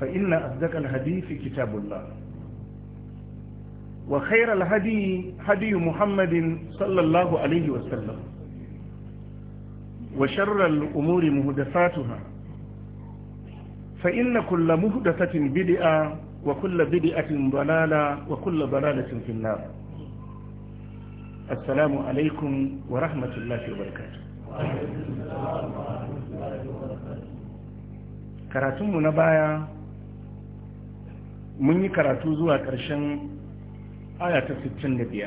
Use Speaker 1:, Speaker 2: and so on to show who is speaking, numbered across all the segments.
Speaker 1: فإن أصدق الحديث كتاب الله وخير الهدي هدي محمد صلى الله عليه وسلم وشر الأمور مهدفاتها فإن كل مهدفة بدئة وكل بدئة ضلالة وكل ضلالة في النار السلام عليكم ورحمة الله وبركاته karatunmu na mun yi karatu zuwa ƙarshen aya ta 65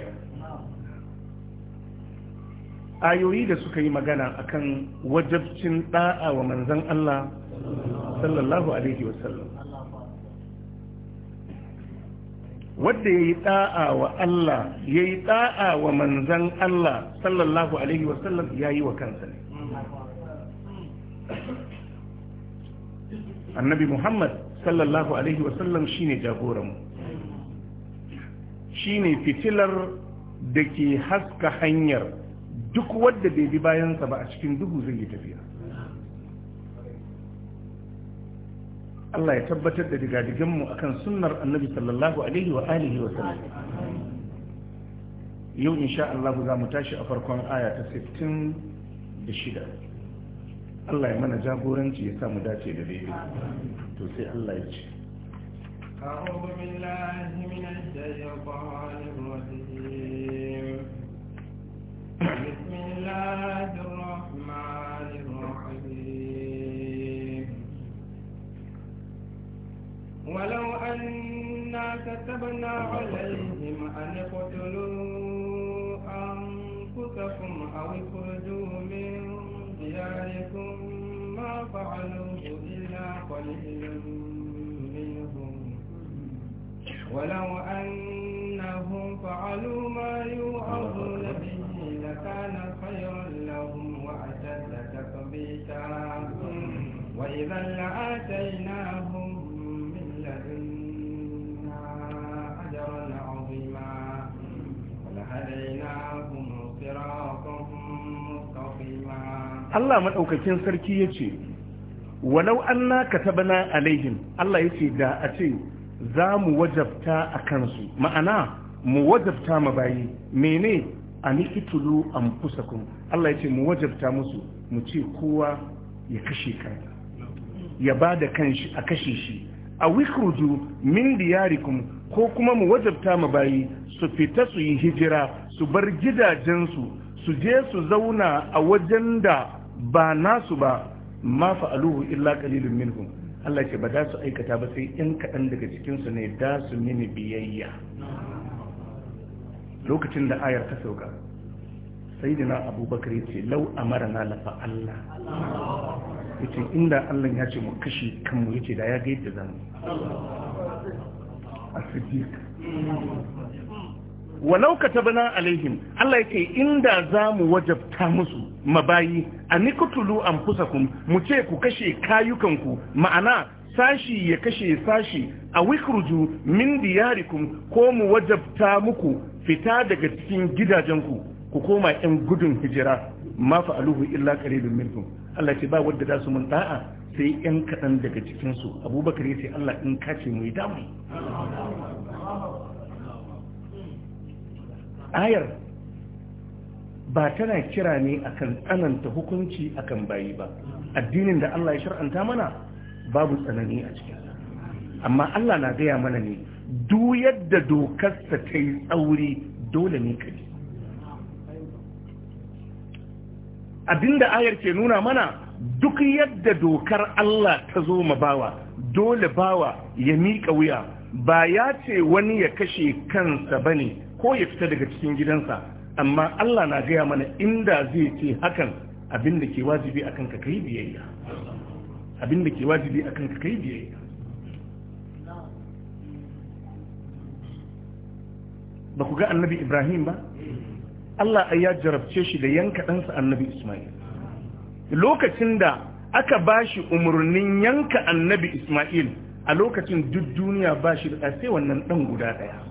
Speaker 1: ayoyi da suka yi magana akan wajabcin ɗa'a wa manzan Allah sallallahu alaihi wasallam wadda ya yi ɗa'a wa Allah ya yi ɗa'a wa manzan Allah sallallahu alaihi wasallam ya yi wa kansa ne annabi Muhammad sallallahu alaihi wasallam shine jagoranmu shine fitilar da ke haska hanyar duk wadda bai bi bayansa ba a cikin duhu zai yi tafiya Allah ya tabbatar da digadiganmu kan sunnar annabi sallallahu alaihi wa alihi wa sallam yau insha Allah za mu tashi a farkon aya ta 66 Allah ya mana jagoranci ya mu dace da daidai to الله يجي
Speaker 2: أعوذ بالله من الشيطان الرجيم بسم الله الرحمن الرحيم ولو أنا كتبنا عليهم أن اقتلوا أنفسكم أو اخرجوا ولو أنهم فعلوا ما يوعظون به لكان خيرا لهم وأشد تثبيتا وإذا لآتيناهم من لدنا أجرا عظيما ولهديناهم صراطا مستقيما
Speaker 1: الله من أوكاكين سركي ولو أنا كتبنا عليهم الله يسيدا أتي za mu wajabta a kansu ma'ana mu wajabta ma bayi mene a fitulu an kun. Allah ya ce mu wajabta musu mu ce kowa ya kashe kansa ya ba da kanshi a kashe shi a wikurdu min diyarikum ko kuma mu wajabta ma bayi su fita su yi hijira su bar gidajensu su je su zauna a wajen da ba nasu ba ma fa'aluhu illa qalilun minhum Allah ce ba za su aikata ba sai in kaɗan daga cikinsu ne da su mini biyayya lokacin da ayar ta sauka sai dina abubakar ce lau a mara na lafa Allah ya ce inda Allah ya ce mu kashe kanmu ya ce da ya ga yadda zamu. a siddiq walau ka tabana alaihim Allah ya ce inda za mu wajabta musu mabayi an fusa kun mu ce ku kashe kayukanku ma'ana sashi ya kashe sashi a wikruju min diyarikum ko mu wajabta muku fita daga cikin gidajenku ku koma yan gudun hijira ma fa'aluhu illa qalilun minkum Allah ce ba wadda da su mun da'a sai yan kaɗan daga cikinsu Abubakar ya ce Allah in kace mu yi damu ayar ba tana kira ne akan tsananta hukunci akan bayi ba addinin da Allah ya shar'anta mana babu tsanani a cikin amma Allah na gaya mana ne Du yadda dokarsa ta yi tsauri dole ne ka ji abinda ayar ke nuna mana duk yadda dokar Allah ta zo ma bawa dole bawa ya miƙa wuya ba ya ce wani ya kashe kansa bane ko ya fita daga cikin gidansa amma Allah na gaya mana inda zai ce hakan abinda ke wajibi akan ka kai biyayya Abinda ke wajibi akan ka kai biyayya ba ku ga annabi Ibrahim ba Allah ya jarabce shi da yanka ɗansa annabi Ismail lokacin da aka ba shi umarnin yanka annabi Ismail a lokacin duk duniya bashi da sai wannan ɗan guda ɗaya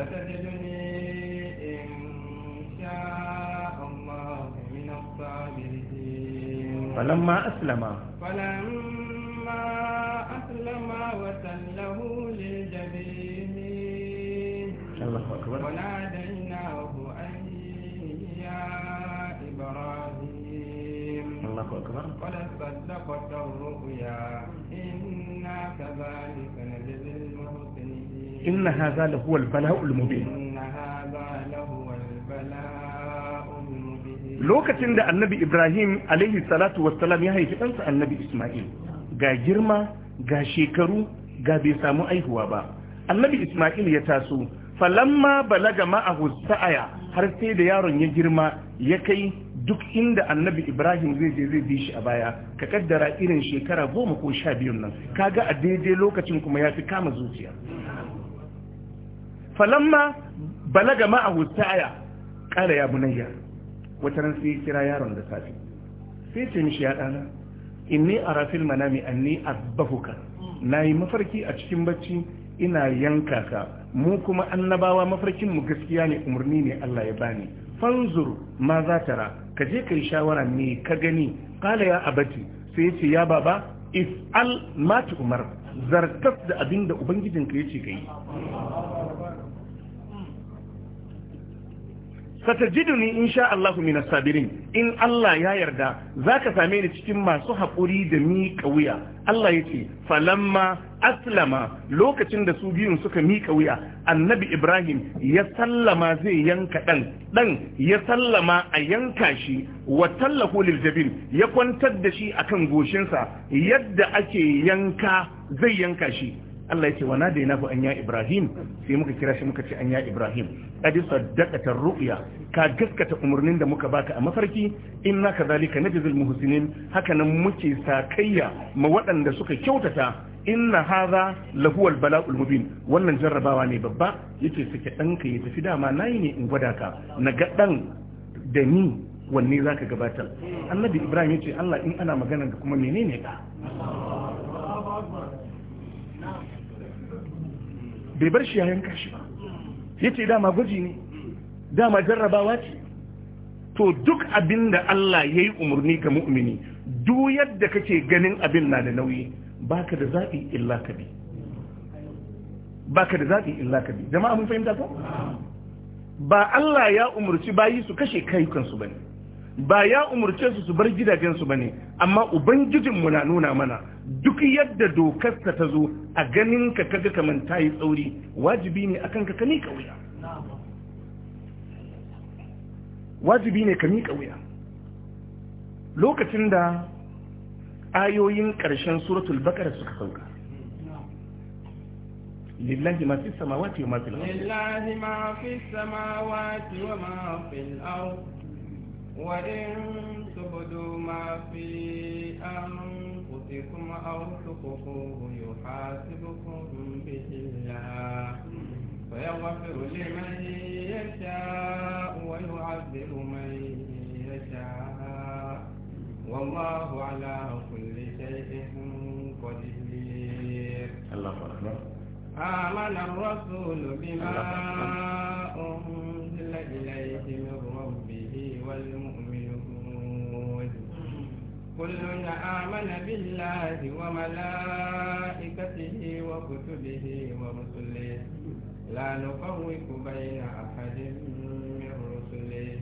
Speaker 2: ستجدني إن شاء الله من الصابرين فلما أسلم فلما أسلم وتله للجبين الله أكبر وناديناه أن يا إبراهيم الله أكبر قد صدقت الرؤيا إنا كذلك نجزي inna la lokacin da
Speaker 1: annabi ibrahim alaihi salatu wassalam ya haifi ɗansa annabi isma'il ga girma ga shekaru ga bai samu aihuwa ba annabi isma'il ya taso falamma balaga ma'ahu sa'aya har sai da yaron ya girma ya kai duk inda annabi ibrahim zai je zai bi shi a baya ka kaddara irin shekara goma ko sha biyun nan kaga a daidai lokacin kuma ya fi kama zuciya falamma balaga ma'ahu sa'aya kare ya bunayya wata ran sai kira yaron da safi sai ce mishi ya dana inni ara fil manami anni azbahuka nayi mafarki a cikin bacci ina yanka ka mu kuma annabawa mafarkin mu gaskiya ne umarni ne Allah ya bani fanzur ma za tara ka je kai shawara ne ka gani kala ya abati sai ya ce ya baba if al ma umar zartas da abin da ubangijinka ya ce ka yi satajiduni insha Allah minas sabirin in Allah ya yarda zaka same ni cikin masu haƙuri da miƙa wuya Allah yace falamma aslama lokacin da su biyun suka miƙa wuya annabi Ibrahim ya sallama zai yanka dan dan ya sallama a yanka shi wa tallahu lil ya kwantar da shi akan goshinsa yadda ake yanka zai yanka shi Allah ya ce wa na an ya Ibrahim sai muka kira shi muka ce an ya Ibrahim saddaka saddaqata ru'ya ka gaskata umarnin da muka baka a mafarki inna kadhalika najzil muhsinin haka nan muke sakayya ma waɗanda suka kyautata inna hadha lahu bala'ul mubin wannan jarrabawa ne babba yake sake danka ya tafi dama nayi ne in gwada ka na ga dan da ni wanne zaka gabatar annabi Ibrahim yace Allah in ana magana da kuma menene ka bai bar shi ya yanka shi ba ya ce dama gwaji ne dama jarrabawa ce to duk abin da Allah ya yi umarni ga mu'mini duk yadda kake ganin abin na da nauyi baka da zaɓi illa ka bi baka da zaɓi illa ka bi jama'a mun fahimta ko ba Allah ya umarci bayi su kashe kayukansu bane ba ya umurce su su bar gidajensu ba ne amma ubangijinmu na nuna mana duk yadda dokarsa ta zo a ganin ka kaga kamar ta yi tsauri wajibi ne akan ka kami wuya wajibi ne kami wuya lokacin da ayoyin ƙarshen suratul bakara suka sauka lillahi ma fi samawati wa ma fil
Speaker 2: ardh samawati wa ma fil ardh وإن تبدوا ما في أنفسكم أو تخفوه يحاسبكم به الله فيغفر لمن يشاء ويعذب من يشاء والله على كل شيء قدير الله أكبر آمن الرسول بما أنزل إليه من والمؤمنون كل آمن بالله وملائكته وكتبه ورسله لا نفرق بين أحد من رسله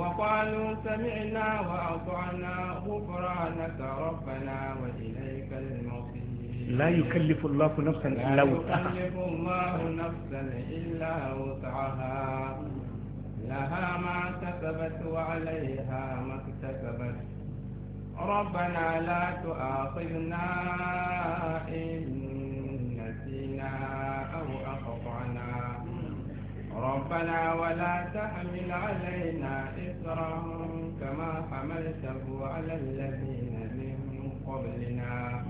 Speaker 2: وقالوا سمعنا وأطعنا غفرانك ربنا وإليك المصير لا يكلف الله
Speaker 3: نفسا إلا وسعها
Speaker 2: لا يكلف الله نفسا إلا وسعها لها ما كسبت وعليها ما اكتسبت ربنا لا تؤاخذنا إن نسينا أو أخطأنا ربنا ولا تحمل علينا إصرا كما حملته على الذين من قبلنا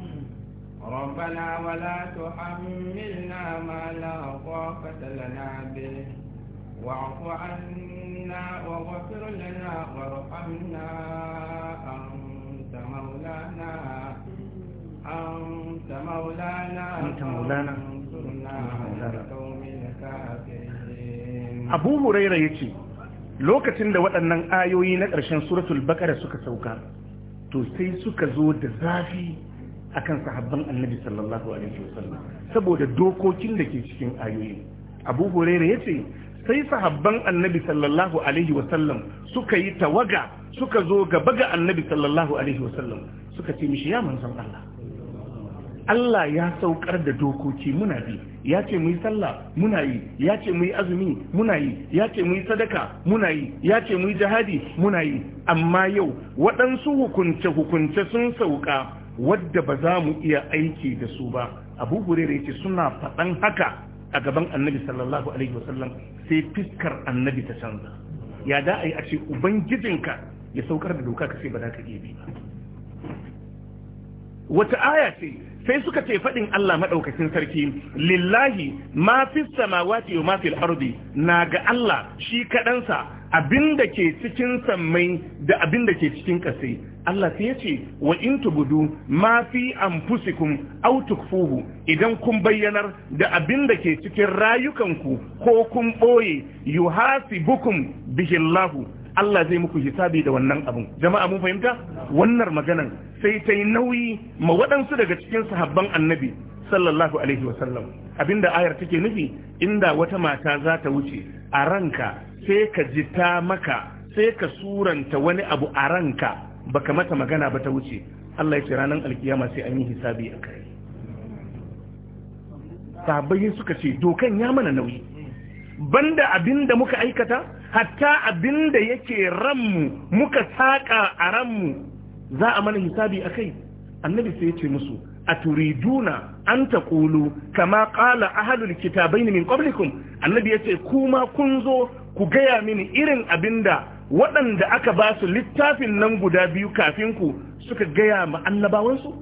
Speaker 2: ربنا ولا تحملنا ما لا طاقة لنا به واعف عنا واغفر لنا وارحمنا أنت مولانا أنت مولانا أنت مولانا Abu
Speaker 1: Huraira ya ce, Lokacin da waɗannan ayoyi na ƙarshen suratul Bakara suka sauka, to sai suka zo da zafi a akan sahabban annabi sallallahu Alaihi wasallam saboda dokokin da ke cikin ayoyi. Abu Huraira ya ce, sai sahabban annabi sallallahu alaihi wasallam suka yi tawaga suka zo gaba ga annabi sallallahu alaihi wasallam suka ce mishi ya manzon Allah Allah ya saukar da dokoki muna bi ya ce mu yi sallah muna yi ya ce mu yi azumi muna yi ya ce mu yi sadaka muna yi ya ce mu yi jihadi muna yi amma yau waɗansu hukunce hukunce sun sauka wadda ba za mu iya aiki da su ba abu hurere ce suna faɗan haka a gaban annabi sallallahu alaihi wasallam sai fiskar annabi ta canza ya da a yi a ce ubangijinka ya saukar da doka ka ce ba za ka iya bi ba wata aya ce sai suka ce faɗin Allah maɗaukakin sarki lillahi ma fi samawati wa ma fil ardi na ga Allah shi kaɗansa abin da ke cikin sammai da abin da ke cikin ƙasai Allah sai ya ce wa in tubudu ma fi anfusikum aw tukfuhu idan kun bayyanar da abin da ke cikin rayukanku ko kun boye yuhasibukum bihi Allah Allah zai muku hisabi da wannan abun. jama'a mun fahimta wannan maganan sai ta yi nauyi ma waɗansu daga cikin sahabban annabi sallallahu alaihi wasallam abinda ayar take nufi inda wata mata za ta wuce a ranka sai ka ji ta maka sai ka suranta wani abu a ranka baka mata magana ba ta wuce Allah ya ce ranar alkiyama sai an yi hisabi a kai sabai suka ce dokan ya mana nauyi banda abinda muka aikata hatta abinda yake ranmu muka saƙa a ranmu za a mana hisabi a kai annabi sai ya ce musu aturiduna an taqulu kama qala ahlul kitabaini min qablikum annabi yace kuma kun zo ku gaya mini irin abinda waɗanda aka ba su littafin nan guda biyu kafin ku suka gaya ma annabawansu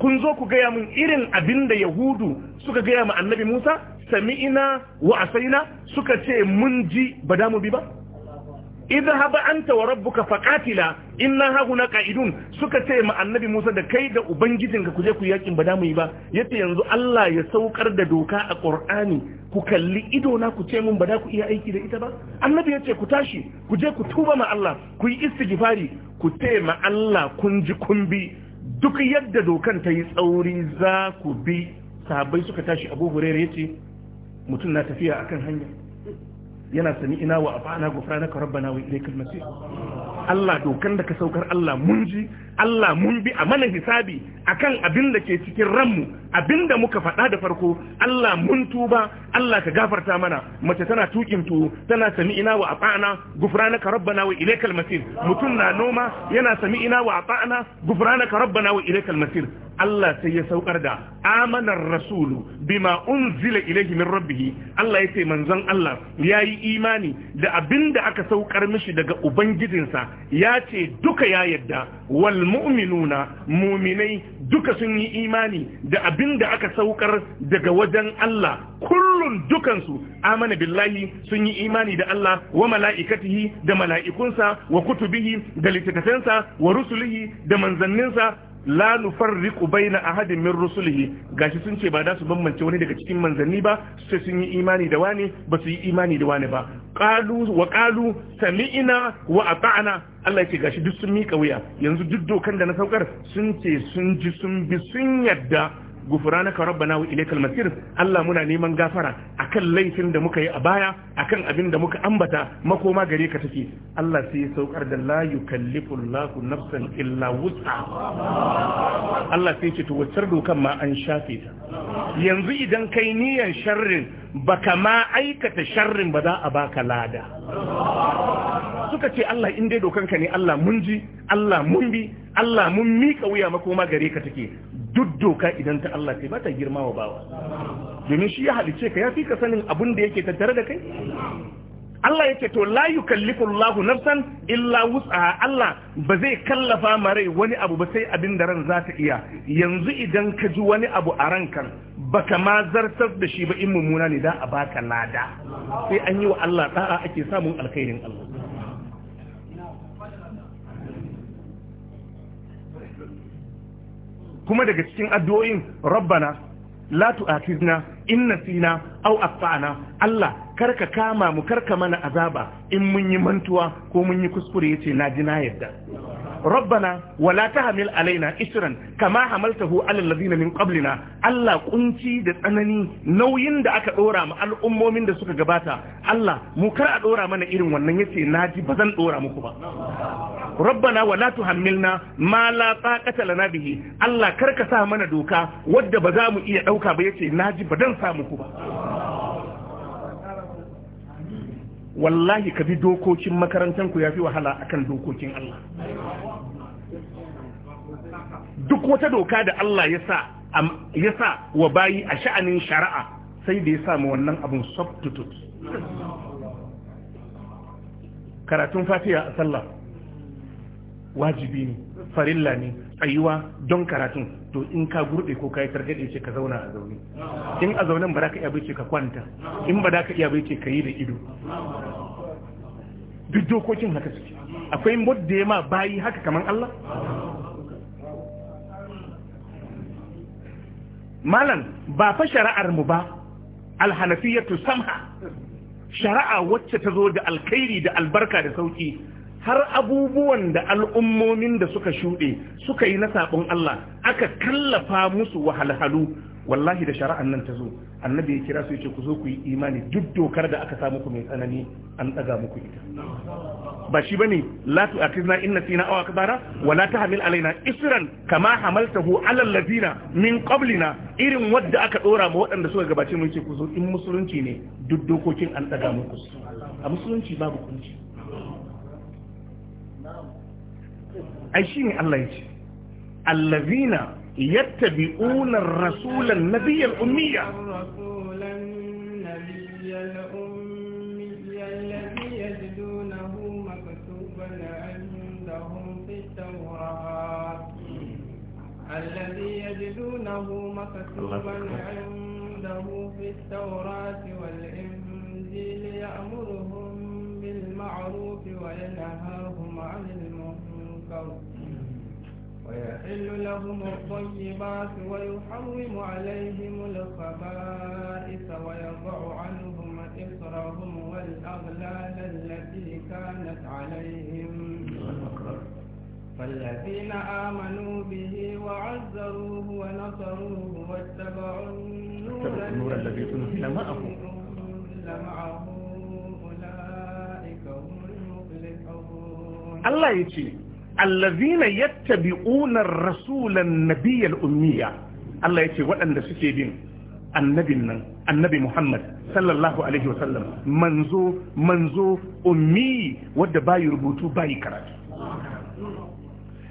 Speaker 1: kun zo ku gaya min irin abinda yahudu suka gaya ma annabi Musa sami'ina wa asaina suka ce mun ji ba da mu bi ba Idan haba anta wa rabbuka faqatila inna na ƙa'idun, suka ce ma annabi Musa da kai da ubangijin ka kuje ku yakin ba damu mu yi ba ce yanzu Allah ya saukar da doka a Ƙur'ani ku kalli ido na ku ce mun ba da ku iya aiki da ita ba annabi ya ce ku tashi ku je ku tuba ma Allah ku yi istighfari ku ce ma Allah kun ji kun bi duk yadda dokan ta yi tsauri za ku bi sahabbai suka tashi Abu ya ce mutum na tafiya akan hanya yana sami ina wa afana gufranaka rabbana wa ilaikal masir Allah dokan da ka saukar Allah mun ji Allah mun bi a mana hisabi akan abin da ke cikin ranmu abinda muka faɗa da farko Allah mun tuba Allah ka gafarta mana mace tana tukin tuwo tana ina wa ata'ana gufranaka rabbana wa ilaikal masir mutum na noma yana ina wa ata'ana gufranaka rabbana wa ilaikal masir Allah sai ya saukar da amanar rasulu bima unzila ilaihi min rabbih Allah yace manzon Allah yayi imani da abinda aka saukar mishi daga ubangijinsa yace duka ya yadda wal mu'minuna muminai duka sun yi imani da abin da aka saukar daga wajen Allah kullum dukansu amana billahi sun yi imani da Allah wa mala'ikatihi da mala'ikunsa wa kutubihi da littattafansa wa rusulihi da manzanninsa la nufarriqu a hadin min rusulihi gashi sun ce ba da su bambance wani daga cikin manzanni ba sai sun yi imani da wani ba su yi imani da wani ba qalu wa qalu sami'na wa ata'na Allah ya gashi duk sun mika wuya yanzu duk dokan da na saukar sun ce sun ji sun bi sun yadda ka rabbana wa ilaikal masir Allah muna neman gafara akan laifin da muka yi a baya akan abin da muka ambata makoma gare ka take Allah sai ya saukar da la yukallifu Allahu nafsan illa wus'a Allah sai ce to dokan ma an shafe ta yanzu idan kai niyan sharrin baka ma aikata sharrin ba za a baka lada suka ce Allah in dai ka ne Allah mun ji Allah mun bi Allah mun mika wuya makoma gare ka take duk doka idan ta Allah ce ba ta girma wa bawa domin shi ya halice ka ya fi ka sanin abin da yake tattare da kai Allah yake to la yukallifu Allahu nafsan illa wus'aha Allah ba zai kallafa ma rai wani abu ba sai abin da ran za ta iya yanzu idan ka ji wani abu a rankan baka ma zartar da shi ba in mummuna ne da a baka lada sai an yi wa Allah da'a ake samun alkhairin Allah kuma daga cikin addu'o'in rabbana la tu'akizna in nasina aw akhtana Allah karka kama mu karka mana azaba in mun yi mantuwa ko mun yi kuskure yace na ji na yadda rabbana wala tahmil alaina isran kama hamaltahu alal ladina min qablina Allah kunci da tsanani nauyin da aka dora mu al'ummomin da suka gabata Allah mu kar a dora mana irin wannan yace na ji bazan dora muku ba rabbana wala tuhammilna ma la taqata lana bihi Allah karka sa mana doka wadda ba za mu iya dauka ba yace naji ba dan samu ku ba wallahi ka bi dokokin makarantar ku yafi wahala akan dokokin Allah duk wata doka da Allah ya sa ya sa wa bayi a sha'anin shari'a sai da ya mu wannan abun substitute karatun fatiha a sallah wajibi ne farilla ne tsayuwa don karatun to in ka gurɗe ko ka yi targaɗe ce ka zauna a zaune in a zaunen ba za ka iya bai ce ka kwanta in ba za ka iya bai ce ka yi da ido duk dokokin haka suke akwai ya ma bayi haka kamar Allah malam ba fa shari'ar mu ba alhanafiyatu samha shari'a wacce ta zo da alkhairi da albarka da sauki har abubuwan da al'ummomin da suka shuɗe suka yi na saɓon Allah aka kallafa musu wahalhalu wallahi da shari'an nan ta zo annabi ya kira su ya ce ku zo ku yi imani duk dokar da aka sa muku mai tsanani an ɗaga muku ita ba shi bane la tu'akhizna in nasina aw akbara wa la tahmil alaina isran kama hamaltahu ala allazina min qablina irin wadda aka dora ma waɗanda suka gabace mu ce ku zo in musulunci ne duk dokokin an ɗaga muku a musulunci babu kunci ai shi ne Allah ya ce allazina yattabi'una ar-rasula an-nabiyya al-ummiyya
Speaker 2: الذي يجدونه مكتوبا عندهم في التوراة والإنجيل يأمرهم بالمعروف وينهاهم عن المنكر ويحل لهم الطيبات ويحرم عليهم الخبائث ويضع عنهم إصرهم والأغلال التي كانت عليهم فالذين آمنوا به وعزروه ونصروه واتبعوا النور الذي تنزل معه
Speaker 1: Allah ya ce allazina yattabi'una rasulan nabiyyal ummiya Allah ya ce waɗanda suke bin annabin nan annabi Muhammad sallallahu alaihi wasallam manzo manzo ummi wadda bayi rubutu bayi karatu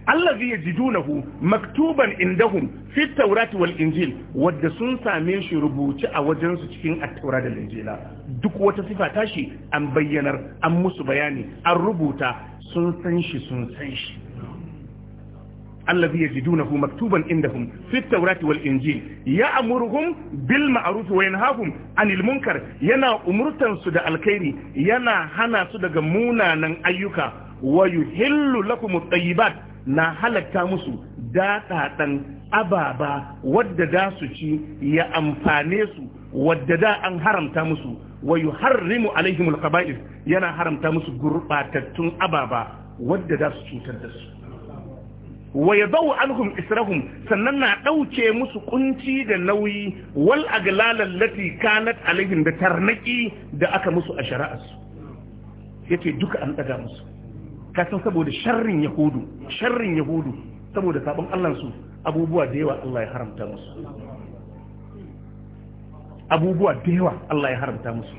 Speaker 1: allazi yajidunahu maktuban indahum fi taurati wal injil wadda sun same shi rubuce a wajen su cikin at-taura da injila duk wata sifa tashi an bayyanar an musu bayani an rubuta sun san shi sun san shi allazi yajidunahu maktuban indahum fi taurati wal injil ya'muruhum bil ma'ruf wa yanhahum 'anil munkar yana umurtan su da alkhairi yana hana su daga munanan ayyuka wa yuhillu lakum at-tayyibat na halatta musu daɗaɗan ababa wadda da su ci ya amfane su wadda da an haramta musu wa yuharrimu alaihim alqaba'is yana haramta musu gurbatattun ababa wadda da su cutar da su wa yadau anhum israhum sannan na dauke musu kunci da nauyi wal aglal lati kanat alaihim da tarnaki da aka musu a shari'arsu yace duka an daga musu ka san saboda sharrin yahudu sharrin yahudu saboda sabon Allah abubuwa da yawa Allah ya haramta musu abubuwa da yawa Allah ya haramta musu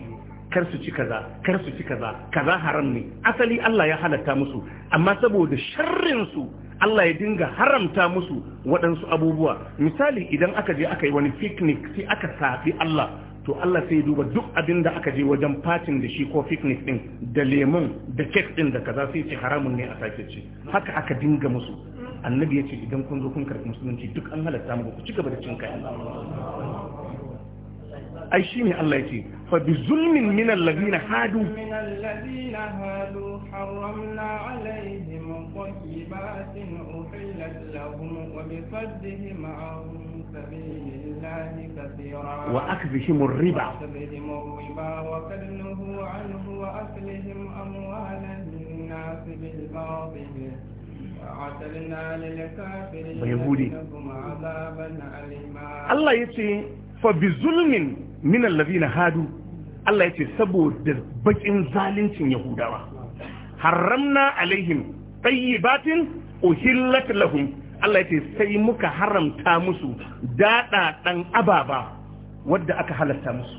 Speaker 1: kar su ci kaza kar su ci kaza kaza haram ne asali Allah ya halatta musu amma saboda sharrin su Allah ya dinga haramta musu waɗansu abubuwa misali idan aka je aka yi wani picnic sai aka safi Allah to Allah sai duba duk abin da aka je wajen fatin da shi ko picnic din da lemun da cake din da kaza sai ce haramun ne a sake ce haka aka dinga musu annabi ya ce idan kun zo kun karɓi musulunci duk an halatta muku ku ci gaba da cin kayan
Speaker 2: ai shi ne Allah ce
Speaker 1: fa bi zulmin min alladhina hadu min
Speaker 2: hadu alaihim tayyibatin uhillat lahum wa bi saddihim an sabilillah لله كثيرا وأكبهم الربا وأكبهم الربا وكنه عنه وأكلهم أموال الناس بالباطل وعتلنا للكافرين ويهودي عذابا أليما
Speaker 1: الله يتي فبظلم من الذين هادوا الله يتي سبو دبجن ظالمين يهودا حرمنا عليهم طيبات أهلت لهم Allah ya ce sai muka haramta musu daɗa ɗan ababa wadda aka halatta musu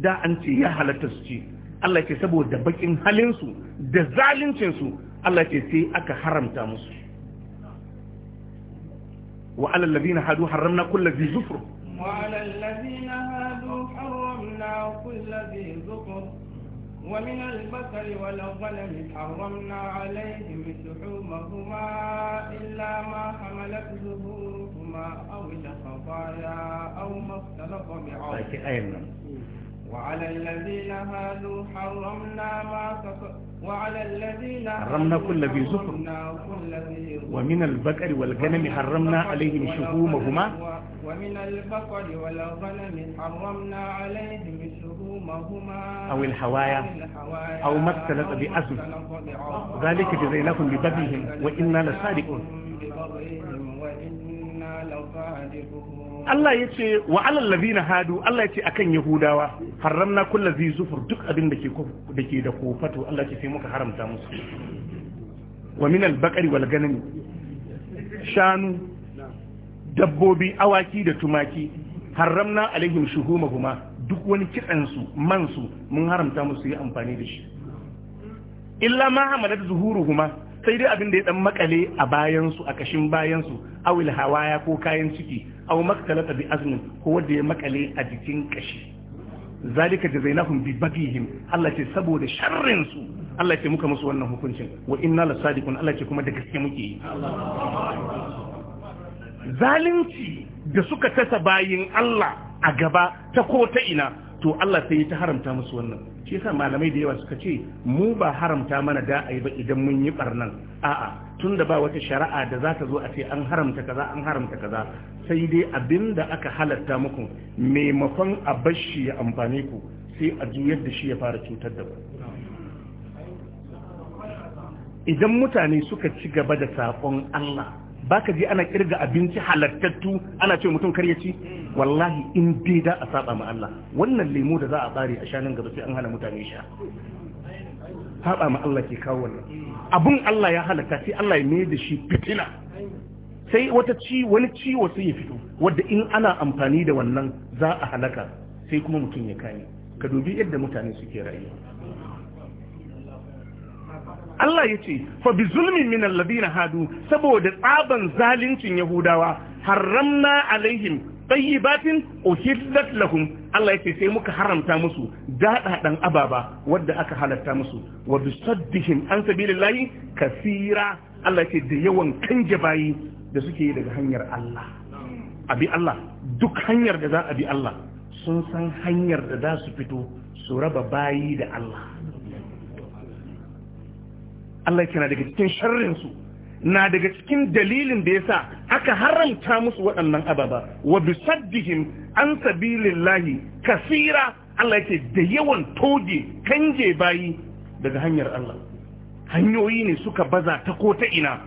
Speaker 1: da an ce ya halatta su ce Allah ya ce saboda baƙin halinsu da zaluncinsu Allah ya ce sai aka haramta musu wa alal ladina hadu haramna kullu bi zufr
Speaker 2: wa alal ladina hadu haramna kullu bi zufr ومن البقر والغنم حرمنا عليهم سحومهما إلا ما حملت ظهورهما أو الخطايا أو ما اختلط بعظم وعلى الذين هادوا حرمنا ما تطلق وعلى الذين حرمنا كل ذي زفر ومن البقر والغنم حرمنا عليهم شحومهما ومن البقر والغنم حرمنا عليهم شهومهما أو الحوايا أو ما اختلط بأسم ذلك جزيناهم ببغيهم
Speaker 1: وإنا لصادقون Allah ya ce wa alallazi na hadu Allah ya ce akan Yahudawa haramna kulla zai zufur duk abin da ke da kofato Allah ce muka haramta musu wa min albaqari wal ganami shanu dabbobi awaki da tumaki haramna alaihim shuhumahuma duk wani su man su mun haramta musu yi amfani da shi illa ma hamalat zuhuruhuma sai dai abin da ya dan makale a bayan su a kashin bayansu awil hawaya ko kayan ciki aw maktalata bi azmin ko wanda ya makale a jikin kashi zalika jazainahum bi baghihim Allah ce saboda sharrin su Allah ce muka musu wannan hukuncin wa inna lasadiqun Allah ce kuma da gaske muke yi zalunci da suka tasa bayin Allah a gaba ta ko ta ina to Allah sai ta haramta musu wannan shi yasa malamai da yawa suka ce mu ba haramta mana da ai ba idan mun yi barnan a'a tun da ba wata shari'a da za ta zo a ce an haramta kaza an haramta kaza sai dai abin da aka halatta muku maimakon a bashi ya amfane ku sai a juyar da shi ya fara cutar da ku idan mutane suka ci gaba da saƙon Allah baka ji ana kirga abinci halattattu ana ce mutum kar ya ci wallahi in dai da a saba ma Allah wannan lemo da za a bare a shanin gaba sai an hana mutane sha saba ma Allah ke kawo wannan abun Allah ya halaka sai Allah ya mai da shi fitina sai wata ci wani ciwo sai ya fito wanda in ana amfani da wannan za a halaka sai kuma mutum ya kame ka dubi yadda mutane suke rayuwa Allah ya ce fa bi zulmin min na hadu saboda tsaban zaluncin yahudawa haramna alaihim batin uhillat lahum Allah ya ce sai muka haramta musu daɗaɗan ababa wadda aka halatta musu wa bi saddihim an sabilillahi kasira Allah ya ce da yawan kanje bayi da suke yi daga hanyar Allah abi Allah duk hanyar da za a bi Allah sun san hanyar da za su fito su raba bayi da Allah Allah ya na daga cikin sharrinsu na daga cikin dalilin da ya sa aka haramta musu waɗannan ababa wa bisaddihim an sabilillahi kasira Allah yake da yawan toge kanje bayi daga hanyar Allah hanyoyi ne suka baza ta ko ta ina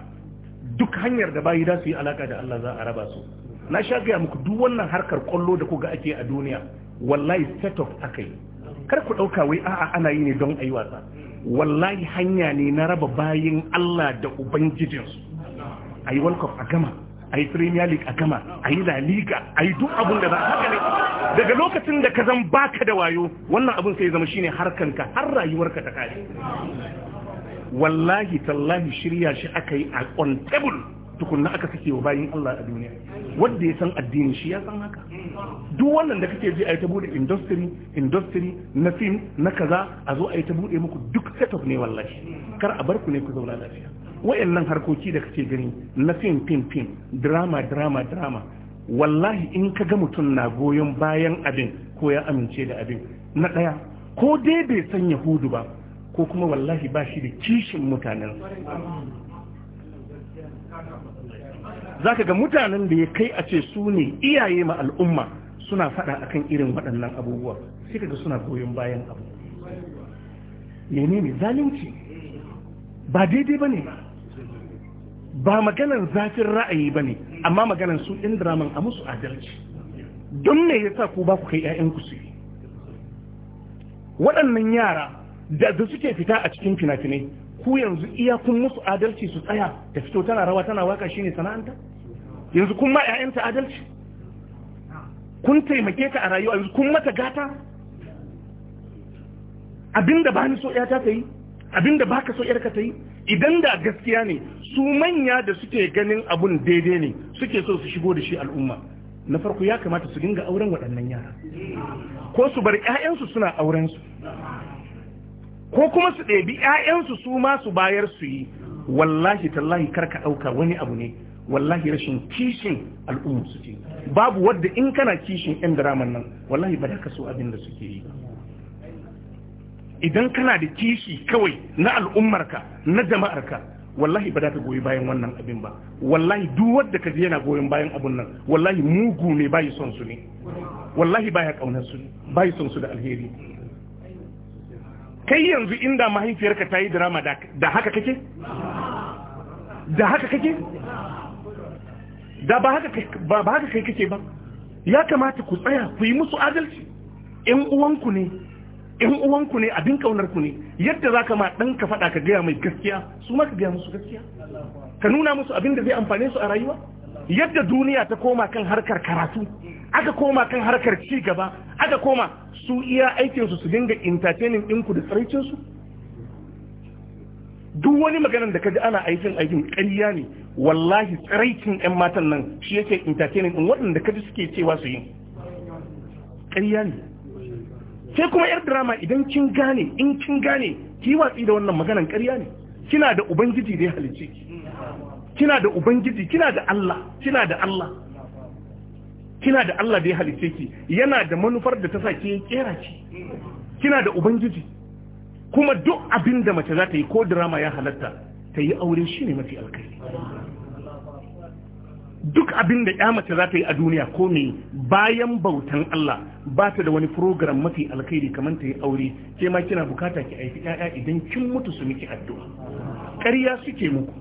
Speaker 1: duk hanyar da bayi za su yi alaka da Allah za a raba su na sha gaya muku duk wannan harkar kwallo da kuga ake a duniya wallahi set of akai kar ku ɗauka wai a'a ana yi ne don a yi wasa wallahi hanya ne na raba bayin Allah da ubangijinsu a yi world cup a gama a yi premier league a gama a yi la a yi duk abin da za a haka ne daga lokacin da ka zan baka da wayo wannan abin sai zama shine harkanka har rayuwarka ta kare wallahi tallahi shirya shi aka yi a on table tukunna aka kake wa bayin Allah a duniya wanda ya san addini shi ya san haka duk wannan da kake ji a ta bude industry industry na film na kaza a zo a yi ta bude muku duk setup ne wallahi kar a bar ku ne ku zauna lafiya wayannan harkoki da kake gani na film film film drama drama drama wallahi in ka ga mutum na goyon bayan abin ko ya amince da abin na daya ko dai bai san yahudu ba ko kuma wallahi ba shi da kishin mutanen zaka ga mutanen da ya kai a ce su ne iyaye ma al'umma suna fada akan irin waɗannan abubuwa sai kaga suna goyon bayan abu menene zalunci ba daidai bane ba ba maganar zafin ra'ayi bane amma maganar su ɗin draman a musu adalci don ya yasa ku ba ku kai 'ya'yanku su waɗannan yara da da suke fita a cikin fina-finai ku yanzu iya kun musu adalci su tsaya da fito tana rawa tana waka shine sana'anta yanzu kun ma 'ya'yanta adalci kun taimake ta a rayuwa yanzu kun mata gata abinda ba ni so ‘yata ta yi abinda ba ka so ‘yarka ta yi idan da gaskiya ne su manya da suke ganin abun daidai ne suke so su shigo da shi al'umma na farko ya kamata su dinga auren waɗannan yara ko su bar 'ya'yansu suna aurensu, ko kuma su ɗebi 'ya'yansu su ma su bayar su yi wallahi tallahi karka ɗauka wani abu ne wallahi rashin kishin al'ummu suke babu wadda in kana kishin yan daraman nan wallahi ba da ka so abin da suke yi idan kana da kishi kawai na al'ummarka na jama'arka wallahi ba da ka goyi bayan wannan abin ba wallahi duk wadda ka ji yana goyon bayan abun nan wallahi mugu ne bai son su ne wallahi baya kaunar su bai son su da alheri kai yanzu inda mahaifiyarka ta yi drama da haka kake da haka kake da ba haka kai kake ba ya kamata ku tsaya ku yi musu adalci ‘yan uwanku ne uwanku ne abin ƙaunarku ne yadda za ka ma ɗan ka faɗa ka gaya mai gaskiya su ma ka gaya musu gaskiya ka nuna musu abin da zai amfane su a rayuwa yadda duniya ta koma kan harkar karatu aka koma kan harkar ci gaba aka koma su iya aikinsu su dinga entertaining ɗinku da tsaraicinsu duk wani maganar da kaji ana aikin aikin ƙarya ne wallahi tsiraicin 'yan matan nan shi yake entertaining in waɗanda kaji suke cewa su yi ƙarya ne sai kuma yar drama idan kin gane in kin gane ki watsi da wannan maganar ƙarya ne kina da ubangiji da ya halice kina da ubangiji kina da Allah kina da Allah kina da Allah da ya halice ki yana da manufar da ta sa ki kera ki kina da ubangiji kuma duk abin da mace za ta yi ko drama ya halatta ta yi aure shi ne mafi alkai duk abin da ya mace za ta yi a duniya ko me bayan bautan Allah ba ta da wani program mafi alkhairi kamar ta yi aure ke ma kina bukata ki aiki ƴaƴa idan kin mutu su miki addu'a ƙarya suke muku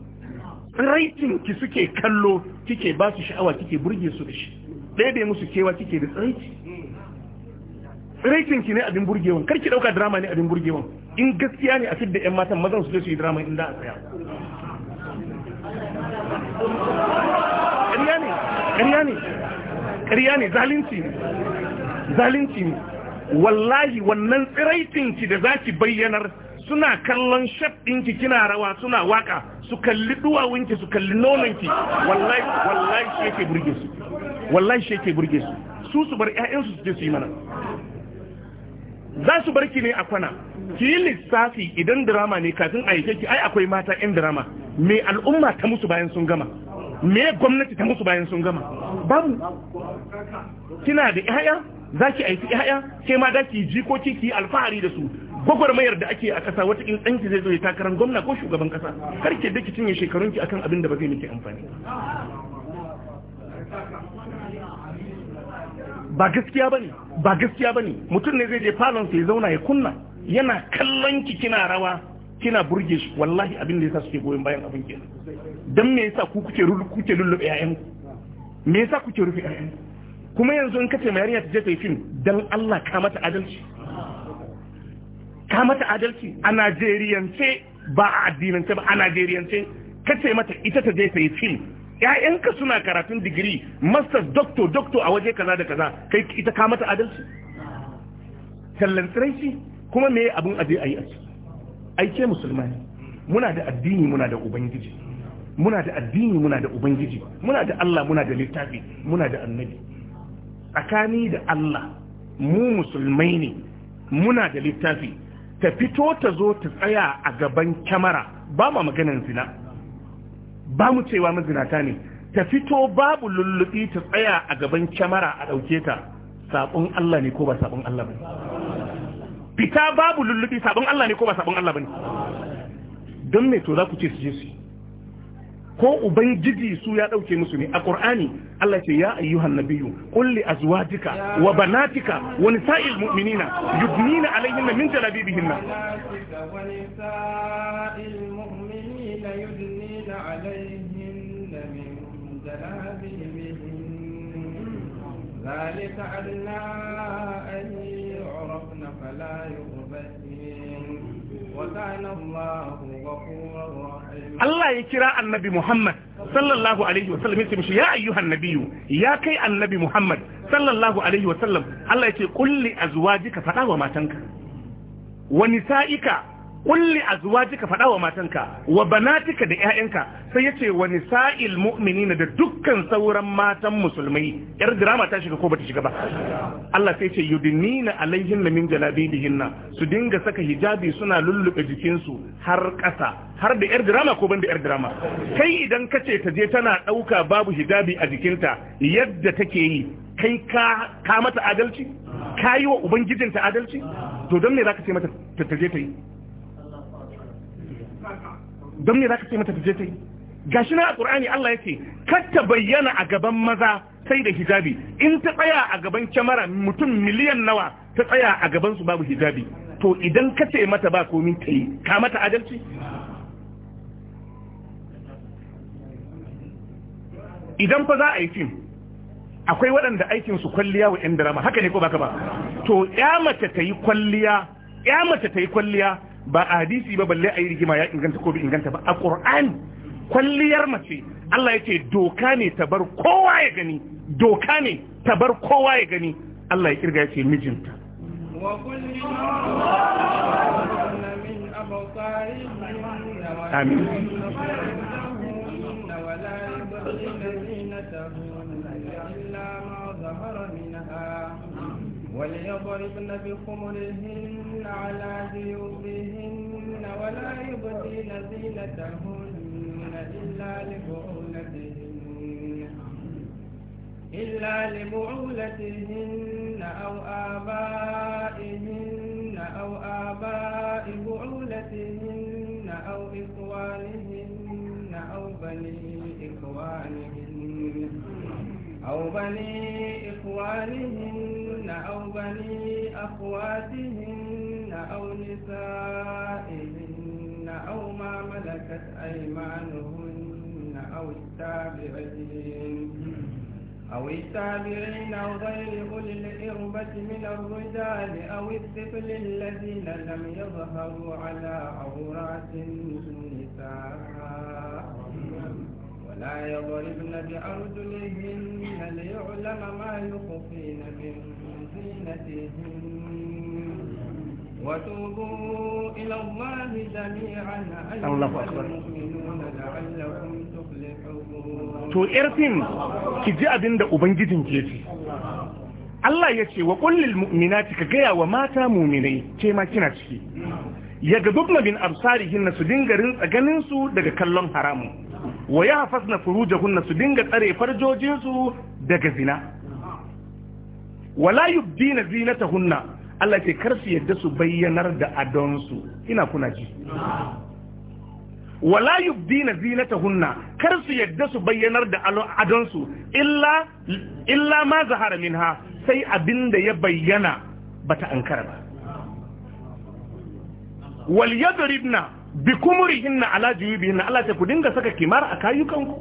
Speaker 1: tsiraitin ki suke kallo kike ba su sha'awa kike burge su da shi ɗaya da musu kewa kike da tsiraiti tsiraitin ki ne abin burgewan ki dauka drama ne abin burgewan in gaskiya ne a fidda yan matan mazan su su yi drama in da a tsaya
Speaker 3: ƙarya ne ƙarya ne
Speaker 1: ƙarya ne zalunci ne zalunci ne wallahi wannan tsiraitin ki da zaki bayyanar suna kallon shaf ɗinki kina rawa suna waka su kalli duwawunki su kalli nononki wallahi wallahi shi yake burge su wallahi shi yake burge su su su bar ƴaƴansu su je su yi mana za su barki ne a kwana ki yi lissafi idan drama ne kafin a yake ki ai akwai mata yan drama me al'umma ta musu bayan sun gama me gwamnati ta musu bayan sun gama babu
Speaker 3: kina da yaya
Speaker 1: za ki aiki yaya ke ma da ki jikoki ki alfahari da su gwagwarmayar da ake a ƙasa wata in ɗanki zai zo ya takarar gwamna ko shugaban ƙasa ki da ki cinye shekarunki akan abin da ba zai miki amfani ba gaskiya bane ba gaskiya bane mutum ne zai je falon sai zauna ya kunna yana kallon ki kina rawa kina burge shi wallahi abin da yasa suke goyon bayan abin kenan dan me yasa ku kuke kuke lullube ƴaƴan ku me yasa kuke rufe ƴaƴan kuma yanzu in kace mai yarinya ta je ta yi film dan Allah ka mata adalci ka mata adalci a Najeriyance ba a addinance ba a Najeriyance kace mata ita ta je ta film ƴaƴanka suna karatun digiri masters doctor doctor a waje kaza da kaza kai ita ka mata adalci tallan tsiraici kuma me abin aje ayi a aike musulma ne muna da addini muna da ubangiji muna da addini muna da ubangiji muna da Allah muna da littafi muna da annabi tsakani da Allah mu musulmai ne muna da littafi ta fito ta zo ta tsaya a gaban kyamara ba ma maganin zina ba mu cewa mazinata ne ta fito babu lulluɗi ta tsaya a gaban kyamara a ɗauke ta saɓon Allah ne ko ba saɓon Allah ba fita babu lulluɗi saɓon Allah ne ko ba saɓon Allah ba don me to za ku ce su je su ko ubangiji su ya ɗauke musu ne a ƙur'ani Allah ce ya ayyuhan nabiyyu qul li azwajika wa banatika wani nisa'il mu'minina yudnina alayhinna min jalabibihinna
Speaker 2: عليهن من جلابيبهن ذلك أدنى أن يعرفن فلا يؤذين وكان الله غفورا رحيما الله
Speaker 1: يكرى النبي محمد صلى الله عليه وسلم يا أيها النبي يا كي النبي محمد صلى الله عليه وسلم الله يقول لأزواجك فقا وما تنكر ونسائك kulli azwajika faɗa wa matanka wa banatika da ƴaƴanka sai yace wa nisa'il mu'minina da dukkan sauran matan musulmai yar drama ta shiga ko bata shiga ba Allah sai yace yudinina alaihinna min jalabibihinna su dinga saka hijabi suna lullube jikinsu har ƙasa har da yar drama ko da yar drama kai idan kace ta je tana ɗauka babu hijabi a jikinta yadda take yi kai ka ka mata adalci ka wa ubangijinta adalci to don me zaka ce mata ta je ta yi don me za ka ce mata taje ta yi gashi na a ƙur'ani Allah ya ce kar ta bayyana a gaban maza sai da hijabi in ta tsaya a gaban kyamara mutum miliyan nawa ta tsaya a gaban su babu hijabi to idan ka ce mata ba komi ta yi ka mata adalci idan fa za a yi fim akwai waɗanda aikin su kwalliya wa 'yan drama haka ne ko baka ba to ya mace ta yi kwalliya ya mace ta yi kwalliya ba a hadisi ba balle a yi rigima ya inganta ko bai inganta ba a qur'ani kwalliyar mace Allah yake doka ne ta bar kowa ya gani doka ne ta bar kowa ya gani Allah ya kirga ya ce mijinta
Speaker 2: amin ولا يبغين وليضربن بخمرهن على جيوبهن ولا يبدين زينتهن إلا لبعولتهن إلا لبعولتهن أو آبائهن أو آباء بعولتهن أو إخوانهن أو بني إخوانهن أو بني إخوانهن بني أخواتهن أو نسائهن أو ما ملكت أيمانهن أو التابعين أو التابعين أو غير أولي الإربة من الرجال أو الطفل الذين لم يظهروا على عورات النساء ولا يضربن بأرجلهن ليعلم ما يخفين منهن To وتوبوا إلى الله جميعا أيها المؤمنون لعلكم تفلحون تو
Speaker 1: Allah ya ce wa ƙullin mu'minati ka gaya wa mata muminai ce ma kina ciki ya ga dubna bin absarihin su dinga rin ganin su daga kallon haramun wa ya hafas na furujahun su dinga tsare farjojinsu daga zina wala yubdina zinatahunna Allah ce kar su yadda su bayyanar da adonsu ina kuna ji wala yubdina zinatahunna kar su yadda su bayyanar da adonsu illa illa ma zahara minha sai abinda ya bayyana bata ankara ba wal yadribna bi kumurihinna ala juyubihinna Allah ce ku dinga saka kimar a kayukanku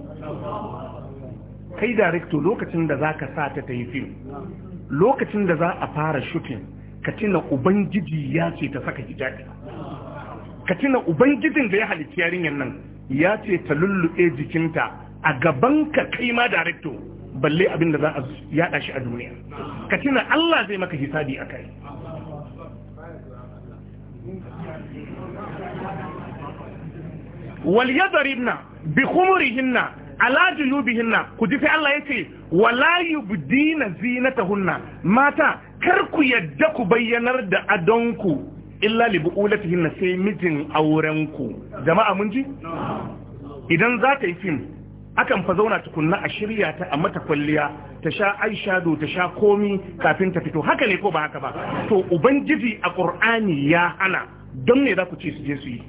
Speaker 3: kai director
Speaker 1: lokacin da zaka sa ta tayi film lokacin da za a fara shooting ka tuna ubangiji ya ce ta saka hijabi ka tuna ubangijin da ya halitta yarinyar nan ya ce ta lulluɓe jikinta a gaban ka kai ma director balle abin da za a yada shi a duniya ka tuna Allah zai maka hisabi a kai wal yadribna bi khumurihinna ala juyubihinna ku ji sai Allah yace wala yubdina zinatahunna mata kar ku yadda ku bayyanar da adonku illa li bu'ulatihinna sai mijin aurenku jama'a mun ji idan za ta yi fim akan fa zauna tukunna a shirya ta a mata kwalliya ta sha aishado ta sha komi kafin ta fito haka ne ko ba haka ba to ubangiji a qur'ani ya hana don me za ku ce su je su yi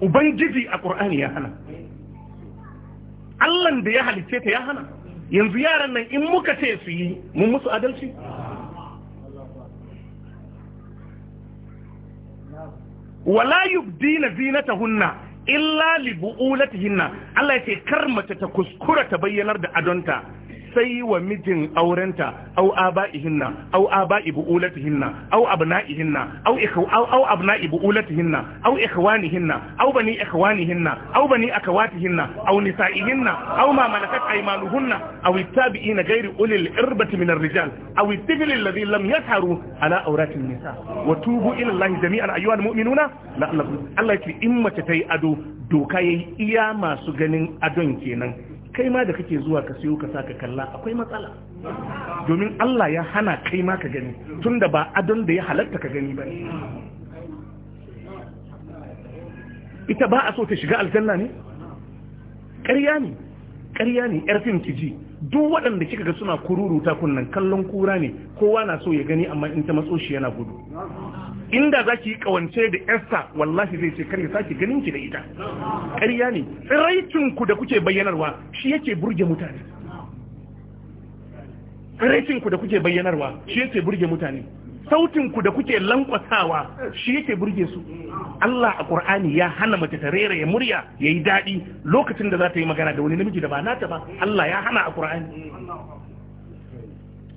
Speaker 1: ubangiji a qur'ani ya hana Allah da ya halice ta ya hana yanzu yaran nan in muka ce su yi mun musu adalci wala yubdina zinatahunna illa li bu'ulatihinna Allah ce kar mace ta kuskura ta bayyanar da adonta sai wa mijin aurenta au aba'ihinna au aba'i bu'ulatihinna au abna'ihinna au ikhu au au abna'i bu'ulatihinna au ikhwanihinna au bani ikhwanihinna au bani hinna, au nisa'ihinna au ma malakat aymanuhunna au ittabi'ina gairi ulil irbati min ar-rijal au at-tifl alladhi lam yasharu ala awrati an-nisa wa tubu ila Allah jami'an ayyuhal mu'minuna la'allakum Allah ya ce in mace tayi ado doka yayi iya masu ganin adon kenan kai ma da kake zuwa ka siyo ka saka kalla akwai matsala domin Allah ya hana kai ma ka gani tunda ba adon da ya halatta ka gani ba ita ba a so ta shiga aljanna ne ƙarya ne ƙarya ne ƴar fim kiji duk waɗanda kika ga suna kururuta kunnan kallon kura ne kowa na so ya gani amma in ta matso shi yana gudu inda za ki yi kawance da Esther wallahi zai ce kar ya sake ganin ki da ita ƙarya ne tsiraicin ku da kuke bayyanarwa shi yake burge mutane tsiraicin ku da kuke bayyanarwa shi yake burge mutane sautin ku da kuke lankwasawa shi yake burge su Allah a Qur'ani ya hana mace ta rera ya murya yayi dadi lokacin da za ta yi magana da wani namiji da ba nata ba Allah ya hana a Qur'ani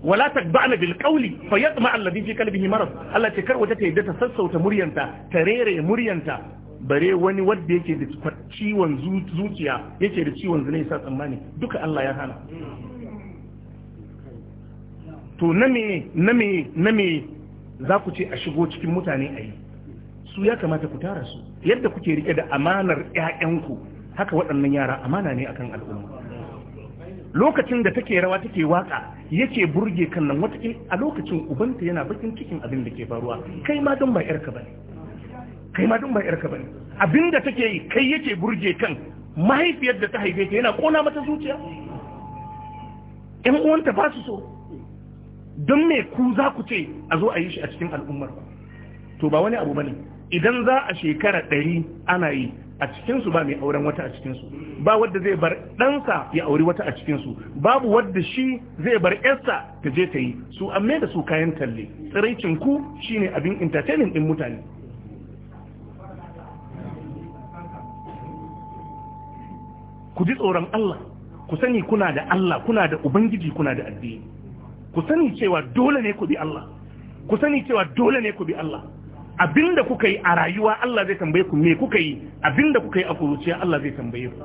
Speaker 1: wala takba'na bil qawli fa yatma alladhi fi qalbihi marad Allah ce kar wata ta yadda ta sassauta muryanta ta rere muryanta bare wani wanda yake da ciwon zuciya yake da ciwon zane sa tsammani duka Allah ya hana to na me na za ku ce a shigo cikin mutane a yi su ya kamata ku tara su yadda kuke rike da amanar 'ya'yanku haka waɗannan yara amana ne akan al'umma lokacin da take rawa take waka yake burge kan nan wata a lokacin ubanta yana bakin cikin abin da ke faruwa kai ma don ba yarka bane kai ma don ba yarka bane abin da take yi kai yake burge kan mahaifiyar da ta haife ta yana kona mata zuciya ƴan uwanta ba su so don me ku za ku ce a zo a yi shi a cikin al'ummar ba to ba wani abu bane idan za a shekara ɗari ana yi a cikinsu ba mai auren wata a cikinsu ba wadda zai bar ɗansa ya auri wata a cikinsu babu wadda shi zai bar yarsa ta je ta yi su amme da su kayan talle tsiraicin ku shine abin entertaining din mutane ku ji tsoron Allah ku sani kuna da Allah kuna da ubangiji kuna da addini ku sani cewa dole ne ku bi Allah ku sani cewa dole ne ku bi Allah abinda kuka yi a rayuwa Allah zai tambaye ku me kuka yi abinda kuka yi a kuruciya Allah zai tambaye ku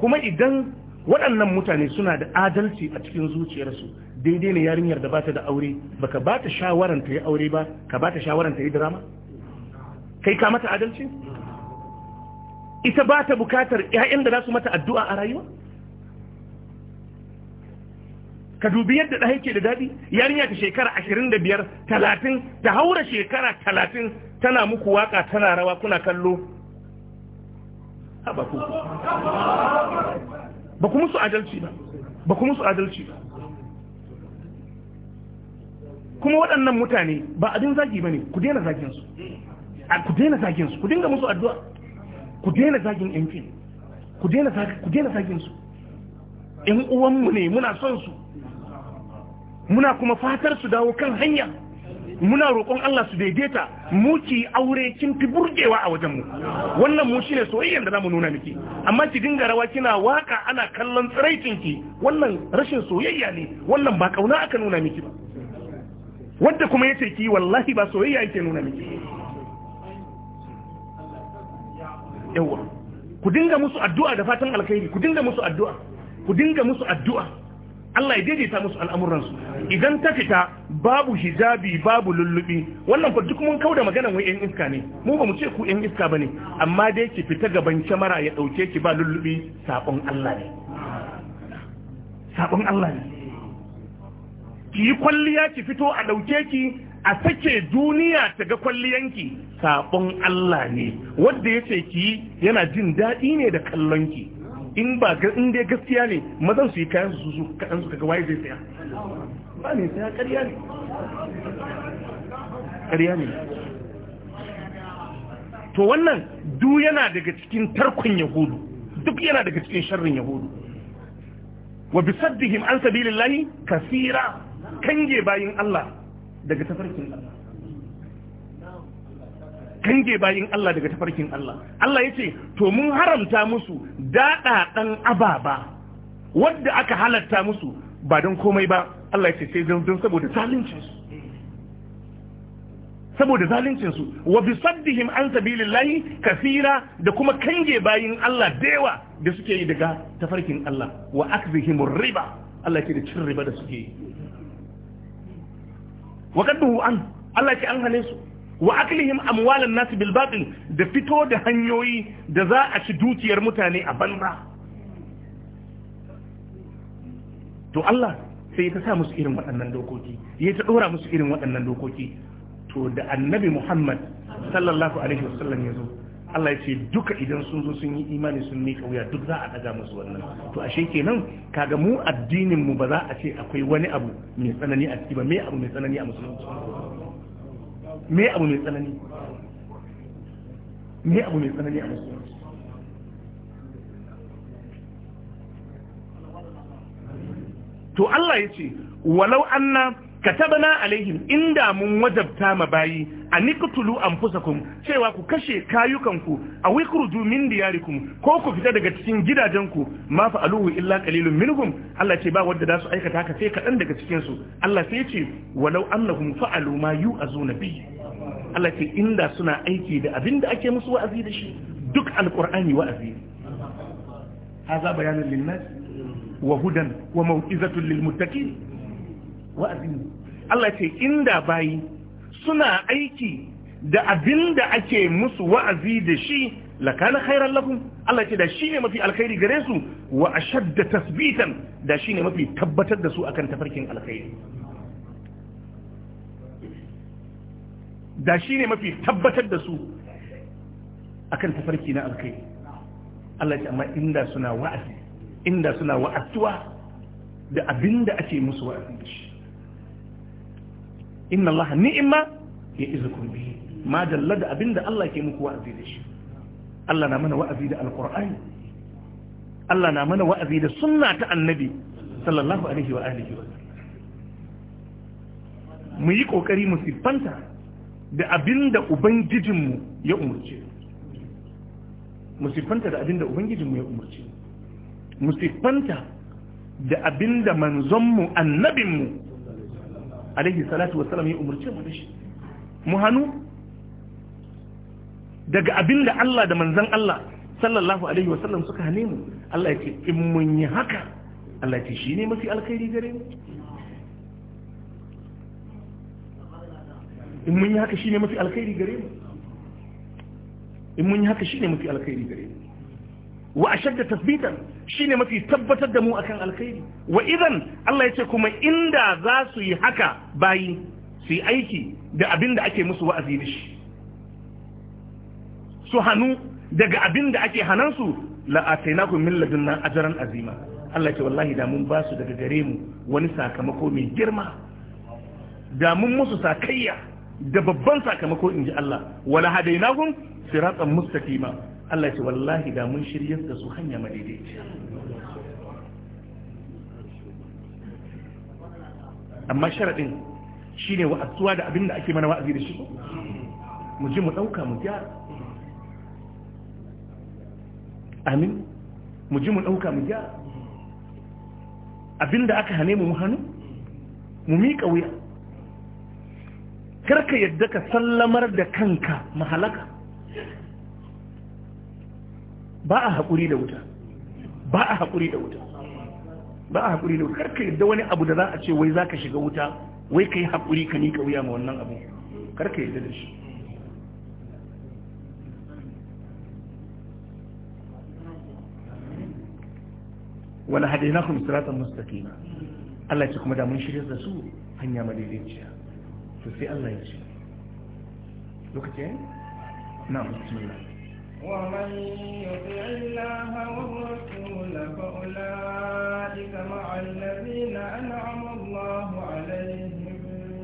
Speaker 1: kuma idan waɗannan mutane suna da adalci a cikin zuciyarsu daidai ne yarinyar da bata da aure baka bata shawaran ta yi aure ba ka bata shawaran ta yi drama kai ka mata adalci ita bata bukatar ƴaƴan da za su mata addu'a a rayuwa ka dubi yadda ɗaya ke da daɗi yarinya ta shekara ashirin da biyar talatin ta haura shekara talatin tana muku waka tana rawa kuna kallo ba ku ba ku musu adalci ba ba ku musu adalci ba kuma waɗannan mutane ba abin zagi ba ne ku daina zaginsu ku daina zaginsu ku dinga musu addu'a ku daina zagin yan ku daina zaginsu yan uwanmu ne muna son su muna kuma fatar su dawo kan hanya muna roƙon Allah su daidaita mu ki aure kin fi burgewa a wajen mu wannan mu shine soyayyar da zamu nuna miki amma ki dinga rawa kina waka ana kallon tsiraitin ki wannan rashin soyayya ne wannan ba kauna aka nuna miki ba wanda kuma yace ki wallahi ba soyayya yake nuna miki yawa ku dinga musu addu'a da fatan alkhairi ku dinga musu addu'a ku dinga musu addu'a Allah ya daidaita musu al'amuransu idan ta fita babu hijabi babu lullubi wannan fa duk mun da magana wai yan iska ne mu ba mu ce ku yan iska bane amma dai ki fita gaban kyamara ya dauke ki ba lullubi sabon Allah ne sabon Allah ne ki yi kwalliya ki fito a dauke ki a sake duniya ta ga kwalliyanki sabon Allah ne wanda yace ki yana jin daɗi ne da kallon ki in ba in dai gaskiya ne mazan su yi kayan su su kaɗan su kaga waye zai tsaya
Speaker 3: ba ne sai ƙarya ne ƙarya ne to
Speaker 1: wannan du yana daga cikin tarkon yahudu duk yana daga cikin sharrin yahudu wa saddihim an sabilillahi kasira kange bayin Allah daga tafarkin Allah kange bayin Allah daga tafarkin Allah Allah yace to mun haramta musu daɗaɗen dan ababa wadda aka halatta musu ba don komai ba Allah ya ce sai don saboda zaluncinsu saboda zaluncinsu wa bi saddihim an sabilillahi kafira, da kuma kange bayin Allah dewa da suke yi daga tafarkin Allah wa akzihim riba Allah ya ce da cin riba da suke yi wa qadduhu an Allah ya ce an hane su wa aklihim amwalan nas bil batil da fito da hanyoyi da za a ci dukiyar mutane a banza to Allah sai ta sa musu irin waɗannan dokoki ya ta ɗora musu irin waɗannan dokoki to da annabi Muhammad sallallahu alaihi wasallam ya zo Allah ya ce duka idan sun zo sun yi imani sun ne kauya duk za a daga musu wannan to ashe kenan kaga mu addinin mu ba za a ce akwai wani abu mai tsanani a ciki ba me abu mai tsanani a musulunci me abu mai tsanani me abu mai tsanani a musulunci to Allah ya ce walau anna katabna alaihim inda mun wajabta ma bayi a nikutulu ku. cewa ku kashe kayukanku a wikruju min diyarikum ko ku fita daga cikin gidajenku ma fa aluhu illa qalilun minhum Allah ce ba wanda za su aikata haka sai kadan daga cikin su Allah sai ce walau annahum fa'alu ma yu'azuna bihi Allah ce inda suna aiki da abinda ake musu wa'azi da shi duk alqur'ani wa'azi haza bayanan linnas wa hudan wa mau'izatul lil muttaqin wa'azin Allah ce inda bayi suna aiki da abinda ake musu wa'azi da shi lakana khairan lakum Allah ce da shi ne mafi alkhairi gare su wa ashadda tasbitan da shi ne mafi tabbatar da su akan tafarkin alkhairi da shi ne mafi tabbatar da su akan tafarki na alkhairi Allah ce amma inda suna wa'azi inda suna wa'attuwa da abin da ake musu wa'azi da shi inna Allaha ni'ima ya izukun bihi ma dalla da abin da Allah ke muku wa'azi da shi Allah na mana wa'azi da alqur'ani Allah na mana wa'azi da sunna ta annabi sallallahu alaihi wa alihi wa mu yi kokari mu siffanta da abin da ubangijinmu ya umurce mu siffanta da abin da ubangijinmu ya umurce mu musifanta da abinda manzonmu annabinmu alaihi salatu wasalam ya umarce mu da shi mu hannu daga abinda Allah da manzon Allah sallallahu alaihi wasallam suka hane mu Allah ya ce in mun yi haka Allah ya ce shi ne mafi alkhairi
Speaker 3: gare mu in mun yi haka
Speaker 1: shi ne mafi alkhairi gare mu in mun yi haka shi ne mafi alkhairi gare mu wa ashadda tasbitan Shi ne mafi tabbatar da mu akan alkhairi wa idan Allah ya ce kuma inda za su yi haka bayi su yi aiki da abin da ake musu wa'azi da shi su hannu daga abin da ake hanansu ku min ladunna ajran azima Allah ya ce wallahi da mun ba su daga gare mu wani sakamako mai girma da mun musu sakayya da babban sakamako in ji Allah wala hadainahum siratan mustaqima Allah ce wallahi da mun shiryar da su hanya madaidaiciya amma sharaɗin shi ne wa'azuwa da abin da ake mana wa'azi da shi mu ji mu ɗauka mu gyara amin mu ji mu ɗauka mu gyara abin da aka hane mu mu hannu mu miƙa wuya karka yadda ka sallamar da kanka mahalaka ba a haƙuri da wuta ba a haƙuri da wuta ba a haƙuri da kar ka yadda wani abu da za a ce wai za ka shiga wuta wai ka yi haƙuri ka nika wuya ma wannan abu kar ka yadda da shi wala hadainahum siratan mustaqima Allah ya ce kuma da mun shirya da su hanya madaidaiciya to sai Allah ya ce Lokacin lokaci na'am bismillah
Speaker 2: ومن يطع الله والرسول فأولئك مع الذين أنعم الله عليهم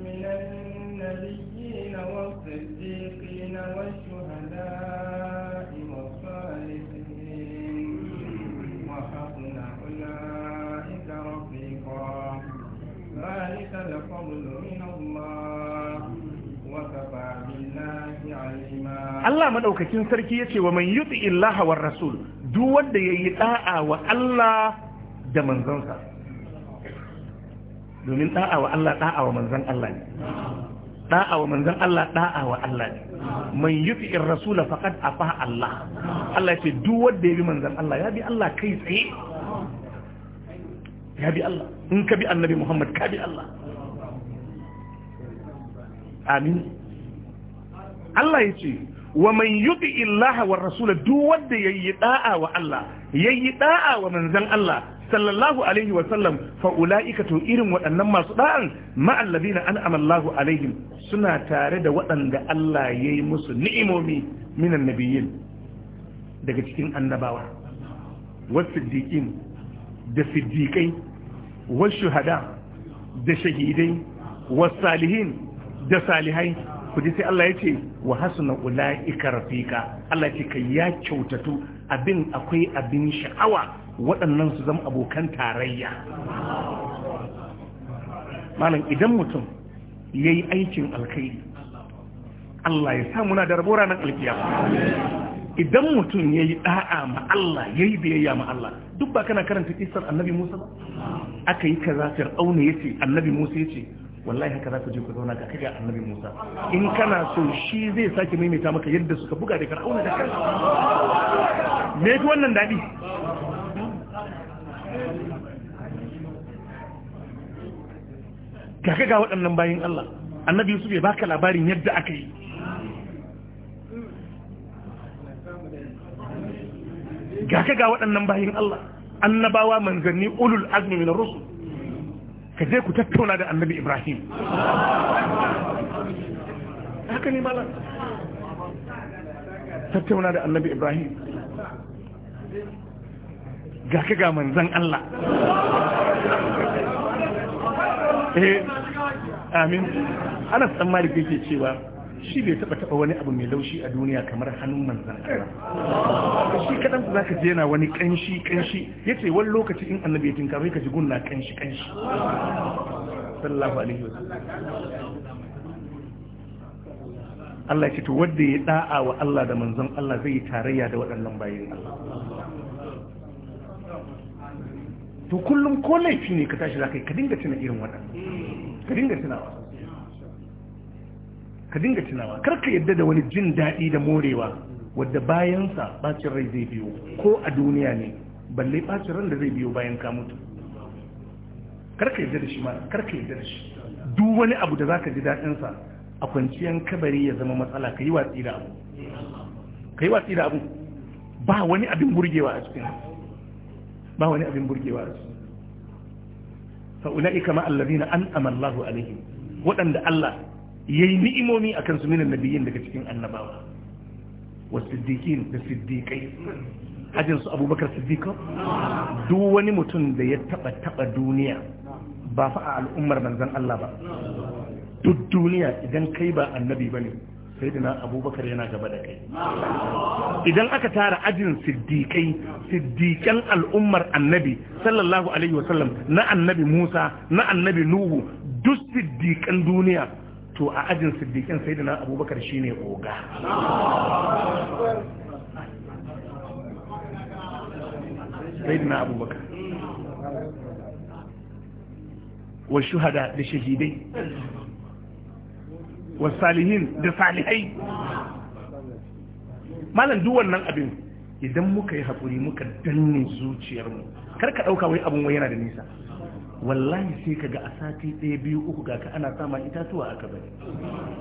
Speaker 2: من النبيين والصديقين والشهداء والصالحين وحقنا أولئك رفيقا ذلك الفضل من الله Allah
Speaker 1: madaukakin sarki yace wa man yuti illaha war rasul duk wanda yayi da'a wa Allah da manzansa domin da'a wa Allah da'a wa manzan Allah ne da'a wa manzan Allah da'a wa Allah ne man yuti ir rasul faqad afa Allah Allah yace duk wanda yabi manzan Allah ya bi Allah kai tsaye
Speaker 3: ya bi Allah in ka bi annabi Muhammad ka bi Allah
Speaker 1: amin Allah ya ce wa man yuti illaha wa rasula duk wanda yayi da'a wa Allah yayi da'a wa manzon Allah sallallahu alaihi wa sallam fa ulaika to irin waɗannan masu da'an ma na an'ama Allahu alaihim suna tare da waɗanda Allah yayi musu ni'imomi minan nabiyyin daga cikin annabawa wasiddiqin da siddiqai shuhada da shahidai salihin. da salihai ku ji sai Allah ya ce wa hasuna ula'ika rafika Allah ce kai ya kyautatu abin akwai abin sha'awa waɗannan su zama abokan tarayya malam idan mutum ya yi aikin alkhairi Allah ya sa muna da rabo ranar alkiyama idan mutum ya yi ɗa'a ma Allah ya yi biyayya ma Allah duk ba kana karanta kisar annabi Musa ba aka yi kaza fir'auna yace annabi Musa yace wallahi haka za ku je ku zauna ga kaga annabi Musa in kana so shi zai sake maimaita maka yadda suka buga da Fir'auna da kansa me yake wannan dadi kaga ga waɗannan bayin Allah annabi Yusuf ya baka labarin yadda aka yi ga ka ga waɗannan bayin Allah annabawa manzanni ulul azmi min rusul ka je ku tattauna da annabi ibrahim
Speaker 3: haka ne malam tattauna
Speaker 1: da annabi ibrahim ga ka ga manzan allah eh amin ana tsammari kake cewa shi bai taba taba wani abu mai laushi a duniya kamar hannun manzan Allah shi kadan za ka je na wani kanshi kanshi yace wani lokaci in annabi ya tinka sai ka ji gunna kanshi kanshi sallallahu alaihi wasallam Allah ce to wanda ya da'a wa Allah da manzon Allah zai yi tarayya da waɗannan bayin to kullum ko laifi ne ka tashi za ka yi ka dinga tuna irin
Speaker 3: waɗannan ka dinga tunawa
Speaker 1: ka dinga tunawa kar ka yadda da wani jin daɗi da morewa wadda bayansa bacin rai zai biyo ko a duniya ne balle bacin ran da zai biyo bayan ka mutu kar ka yadda da shi ma kar ka yadda da shi duk wani abu da zaka ji daɗinsa a kwanciyar kabari ya zama matsala ka yi watsi da abu ka yi watsi da abu ba wani abin burgewa a cikin ba wani abin burgewa a cikin fa'ula'ika ma'allazina an amallahu alaihim waɗanda Allah yayi ni'imomi a kansu minan nabiyyin daga cikin annabawa wa siddiqin da siddiqai hajin abubakar siddiqa duk wani mutum da ya taɓa taɓa duniya ba fa a al'ummar manzon Allah ba duk duniya idan kai ba annabi ba ne, sai dina abubakar yana gaba da kai idan aka tara ajin siddiƙai siddiƙan al'ummar annabi sallallahu alaihi wasallam na annabi musa na annabi nuhu duk siddiƙan duniya to a ajin siddiƙin sai da na abubakar shi ne oga
Speaker 3: sai da na abubakar
Speaker 1: wa shuhada da shahidai
Speaker 3: wa salihin da salihai
Speaker 1: malam duk wannan abin idan muka yi haƙuri muka danne zuciyarmu kar ka ɗauka wai abin wai yana da nisa wallahi sai ka ga a sati ɗaya biyu uku ga ka ana sama itatuwa aka bari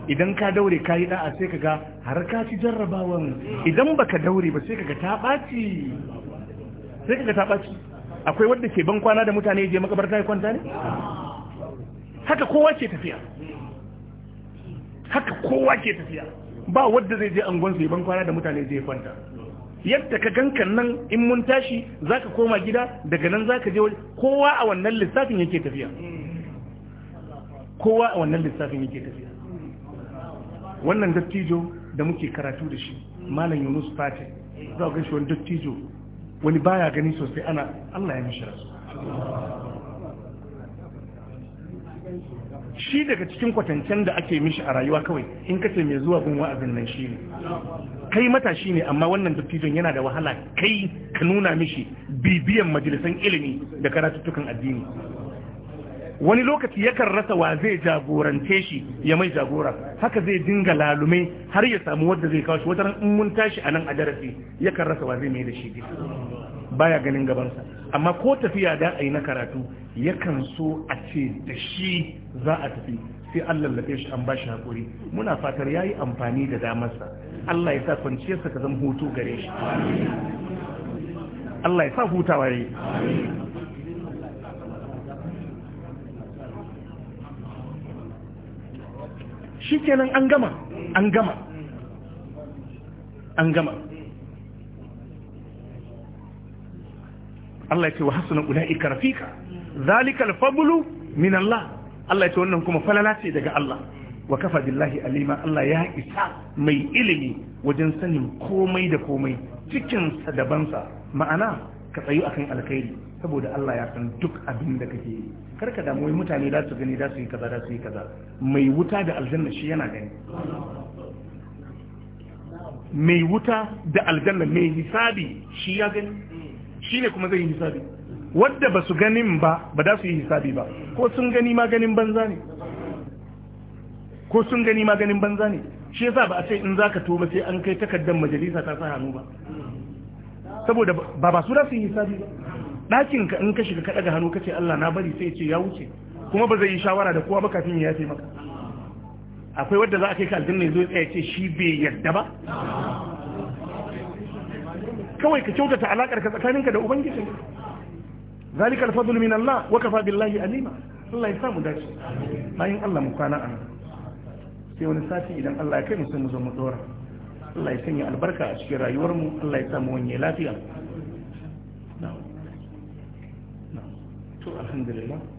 Speaker 1: idan ka daure ka yi ɗa'a sai ka ga har ka ci jarrabawan idan baka daure ba sai ka ga ta ɓaci sai ka ga ta ɓaci akwai wadda ke ban kwana da mutane je makabarta ya kwanta ne haka kowa ke tafiya haka kowa ke tafiya ba wadda zai je angon su ban kwana da mutane je kwanta yadda ka ganka nan in mun tashi za ka koma gida daga nan za zaka je kowa a wannan lissafin yake tafiya kowa a wannan lissafin yake tafiya wannan dattijo da muke karatu da shi malam Yunus Fati za ga shi wani dattijo wani baya gani sosai ana Allah ya mishi
Speaker 3: rasu
Speaker 1: shi daga cikin kwatancen da ake mishi a rayuwa kawai in kace mai zuwa gun wa'azin nan shi ne kai matashi ne amma wannan dattijon yana da wahala kai ka nuna mishi bibiyan majalisan ilimi da karatuttukan addini wani lokaci yakan rasa wa zai jagorance shi ya mai jagora haka zai dinga lalume har ya samu wadda zai kawo shi wata in mun tashi a nan a darasi yakan rasa wa zai mai da shi baya ganin gabansa amma ko tafiya da a yi na karatu yakan so a ce da shi za a tafi sai an lallabe shi an bashi hakuri muna fatar yayi amfani da damarsa Allah ya sa kwanciyarsa ka zama hutu gare shi Allah ya sa hutawa yayi kenan an gama an gama an gama Allah ya ce wa hasuna ulaika rafika zalikal fabulu min Allah Allah ya ce wannan kuma falala ce daga Allah wa kafa billahi alima Allah ya isa mai ilimi wajen sanin komai da komai cikin dabansa ma'ana ka tsayu akan alkhairi saboda Allah ya san duk abin da kake yi kar ka damu mutane za su gani za su yi kaza da su yi kaza mai wuta da aljanna shi yana gani mai wuta da aljanna mai hisabi shi ya gani shine kuma zai yi hisabi wadda ba su ganin ba ba da su yi hisabi ba ko sun gani ma ganin banza ne ko sun gani ma ganin banza ne shi yasa ba a ce in zaka tuba sai an kai takardar majalisa ta sa hannu ba saboda ba ba su da su yi hisabi ba dakin ka in ka shiga ka daga hannu kace Allah na bari sai ya ce ya wuce kuma ba zai yi shawara da kowa ba kafin ya yafe maka akwai wadda za a kai ka aljanna yazo ya tsaya ce shi bai yarda ba kawai ka kyautata alakar ka tsakaninka da ubangiji zalika alfadlu min Allah wa kafa billahi alima Allah ya sa mu dace bayan Allah mu kwana a sai wani sati idan Allah ya kai mu sai mu zo mu dora Allah ya sanya albarka a cikin rayuwar mu Allah ya sa mu wani lafiya
Speaker 3: to alhamdulillah